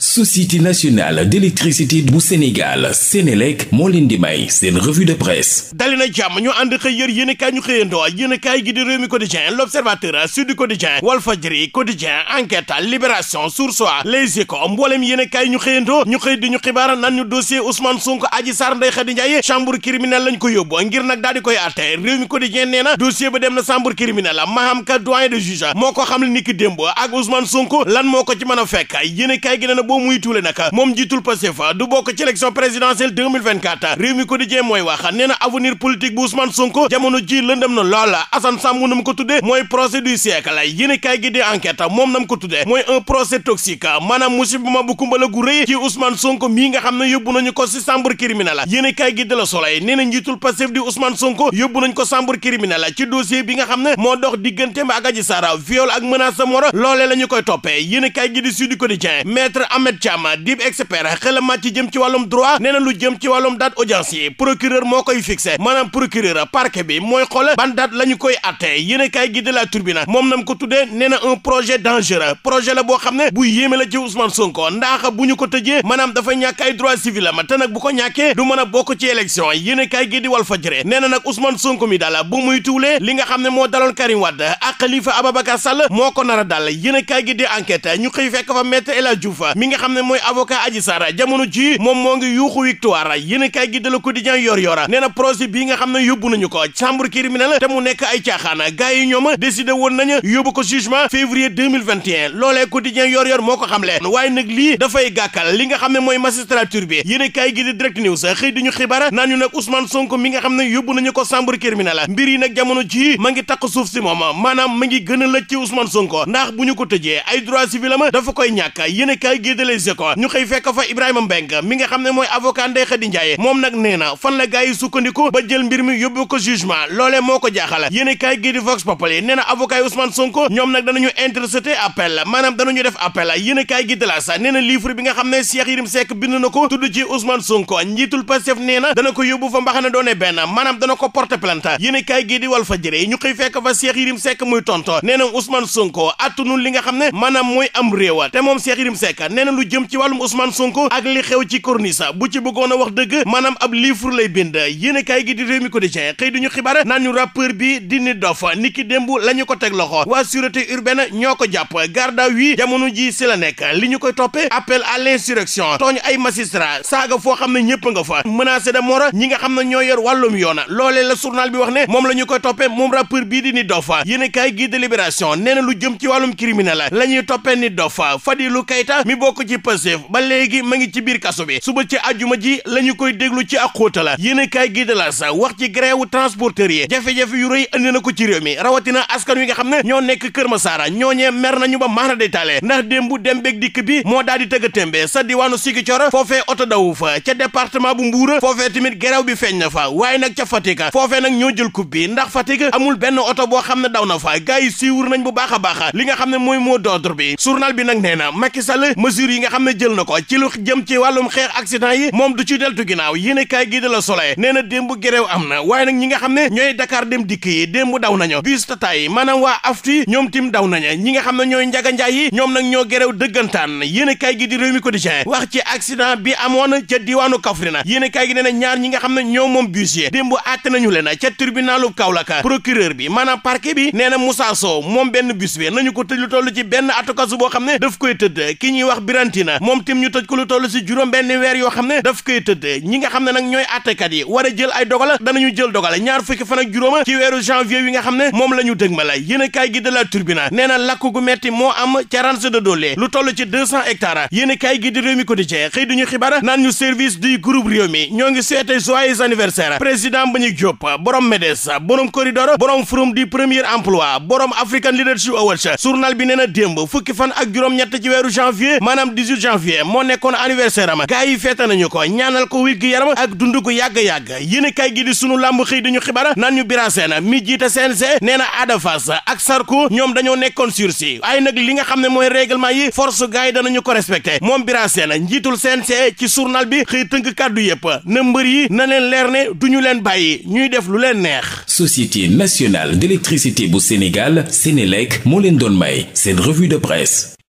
société nationale d'électricité bu Sénégal Sénélec moo leen di may seen revue de presse dali jàmm ñu ànd xëy yër yéenekaay ñu xëyandoo yéenekaay gi di Rewmi Quotidien L'Observateur Sud Quotidien Walfadjri Quotidien Enquête Libération Source A Les Échos mbooleem yéenekaay ñu xëyandoo ñu xëy di ñu xibaar nan ñu dossier Ousmane Sonko Adji Sarr Ndeye Khady Ndiaye chambre criminelle lañ ko yóbbu ngir nag daal koy àtte Rewmi Quotidien nee na dossier ba dem na chambre criminelle maham ka doyen de ko xam boo muy tuule nag moom jiitul Pastef du bokk ci élection présidentielle 2024 réew mi quotidien mooy wax nee na avenir politique bu Ousmane Sonko jamono ji lëndëm na loola Assane Samb na mu ko tuddee mooy procès du siècle yéen a kaay gi di enquête moom na mu ko tuddee mooy un procès toxique maanaam musiba ma bu kumbala gu rëy ci Ousmane Sonko mii nga xam ne yóbbu nañu ko si chambre criminelle yéen a kaay gi de la Soleil nee na njiitul Pastef di Ousmane ne moo dox digganteem ak Adji koy toppee yéen a Ahmed Thiam dib expert xelama ci jëm ci wàllum droit nee lu jëm ci wàllum date audience yi moo koy fixé maanaam procureur parquet bi mooy xool ban date la koy atte yéen a kaay la turbina moom nam ko tuddee nee na projet dangereux projet la boo xam ne bu yéeme la ci Ousmane Sonko ndax bu ñu ko tëjee maanaam dafa ñàkk ay droit civil am te nag bu ko ñàkkee du mën a bokk ci élection yéen a kaay wal fajëre nee na nag Ousmane Sonko mi daal bu muy mi nga xam ne mooy avocat Adji Sarr jamono ji moom moo ngi yuuxu victoire yéenekaay gi de Le Quotidien yor yora nee na procès bii nga xam ne yóbbu nañu ko chambre criminelle te mu nekk ay caaxaan gars ñoom décidé woon nañu yóbbu ko jugement février 2021 loolee Quotidien moo ko xamle waaye nag lii dafay gàkkal li nga xam ne mooy magistrature bi yéenekaay gi di Direct News xëy di ñu xibaar naan nag Ousmane Sonko mi nga xam ne yóbbu nañu ko chambre criminelle mbir yi nag jamono ji ma ngi takk suuf si moom maanaam ma ngi gën lëj de Les Échos ñu xëy fekk fa Ibrahima Mbengue mi ne mooy avocat Ndeye Khady Ndiaye moom nag nee na fan la gars ba jël mbir mi yóbbu ko jugement loolee moo ko jaaxal yéen kaay gii di Vox na avocat yi Ousmane Sonko ñoom nag danañu interjeté appel maanaam danañu def appel yéen ne Cheikh Yérim Seck bind na ko na dana ko ko porter plainte yéen kaay gii di Walfadjri ñu xëy fekk fa Cheikh Yérim muy tonto nee na Ousmane Sonko attunu li nga xam ne maanaam mooy am réewa te moom Cheikh Yérim Seck nee na lu jëm ci wàllum Ousmane Sonko ak li xew ci corniche bu ci bëggoon a wax dëgg maanaam ab livre lay bind yéen kaay gi di réew mi ko di cee xëy duñu xibaar naan ñu rappeur bi di nit dof ni ki démb la ñu ko teg loxo waa sûreté urbaine ñoo ko jàpp garde à vue jamono ji si la nekk li ñu koy toppee appel à l'insurrection tooñ ay magistrat saaga foo xam ne ñëpp nga fa menacé de mort ñi nga xam ne ñoo yor wàllum yoona loolee la journal bi wax ne moom la ñu koy toppee moom rappeur bii di nit dof yéen kaay gi de libération nee lu jëm ci wàllum criminel la ñuy toppee nit dof Fadilou Keita mi bokk ci Pastef ba léegi ma ngi ci biir kaso bi suba ci àjjuma ji la ñu koy déglu ci ak xóota la yéen a kaay gi de la sa wax ci grève transporteurs yi jafe-jafe yu rëy na ko ci réew mi rawatina askan wi nga xam ne ñoo nekk Kër ma ñoo ñooñee mer nañu ba maana détaale ndax bu dem beeg dikk bi moo daal di tëgg tembe sa diwaanu Ziguinchor foofee oto dawu fa ca département bu Mbuur foofee tamit grève bi feeñ na fa waaye nag ca Fatick foofee nag ñoo jël coupe bi ndax Fatick amul benn oto boo xam ne daw na fa gars yi siiwur nañ bu baax a baax li nga xam ne mooy moo d'ordre bi journal na mesures yi nga xam ne jël na ko ci lu jëm ci wàllum xeex accident yi moom du ci deltu ginnaaw yéen kaay gi de la Soleil nee na démb gereew am na waaye nag ñi nga xam ne ñooy Dakar dem dikk yi démb daw nañu bus tata yi maanaam waa afti ñoom tim daw nañu ñi njaga njaay yi ñoom nag ñoo gereew dëggantaan yéen kaay gi di réew mi wax ci accident bi amoon ca diwaanu Kaffrine yéen na ñaar ne ñoom moom bus yi démb àtte ca tribunalu Kaolack ci benn atukasu Birantina moom tim ñu tëj ko lu toll si juróom benn weer yoo xam ne daf koy tëddee ñi nga xam ne nag ñooy attekat yi war a jël ay dogala danañu jël dogala ñaar fukki fan ak juróoma ci weeru janvier yi nga xam ne moom la ñu ma la yéen a kaay gi de la na lakk gu metti moo am ca Ranse de Dolé lu toll ci deux cent hectares yéen a kaay gi di réew mi quotidien xëy duñu xibaar naan ñu service du groupe réew mi ñoo ngi souhaité joyeux anniversaire président emploi borom African Leadership Awards journal bi nee na démb fukki fan ak juróom ñett ci weeru janvier maanaam 18 moo nekkoon anniversaire am gars yi feete nañu ko ñaanal ko wér gi yaram ak dund gu yàgg-yàgg yéen kay gi di sunu làmb xëy ñu xibaar naan ñu Bira Sène mi jiite CNG nee na Ada Fass ak Sarko ñoom dañoo nekkoon sursis ay nag li nga xam ne mooy règlement yi force gars yi danañu ko respecté moom Bira Sène njiitul CNG ci journal bi xëy tënk kàddu yëpp na mbër yi na leen leer ne du ñu leen bàyyi ñuy def lu leen neex Société nationale d'électricité bu Sénégal Sénélec moo leen doon may seen revue de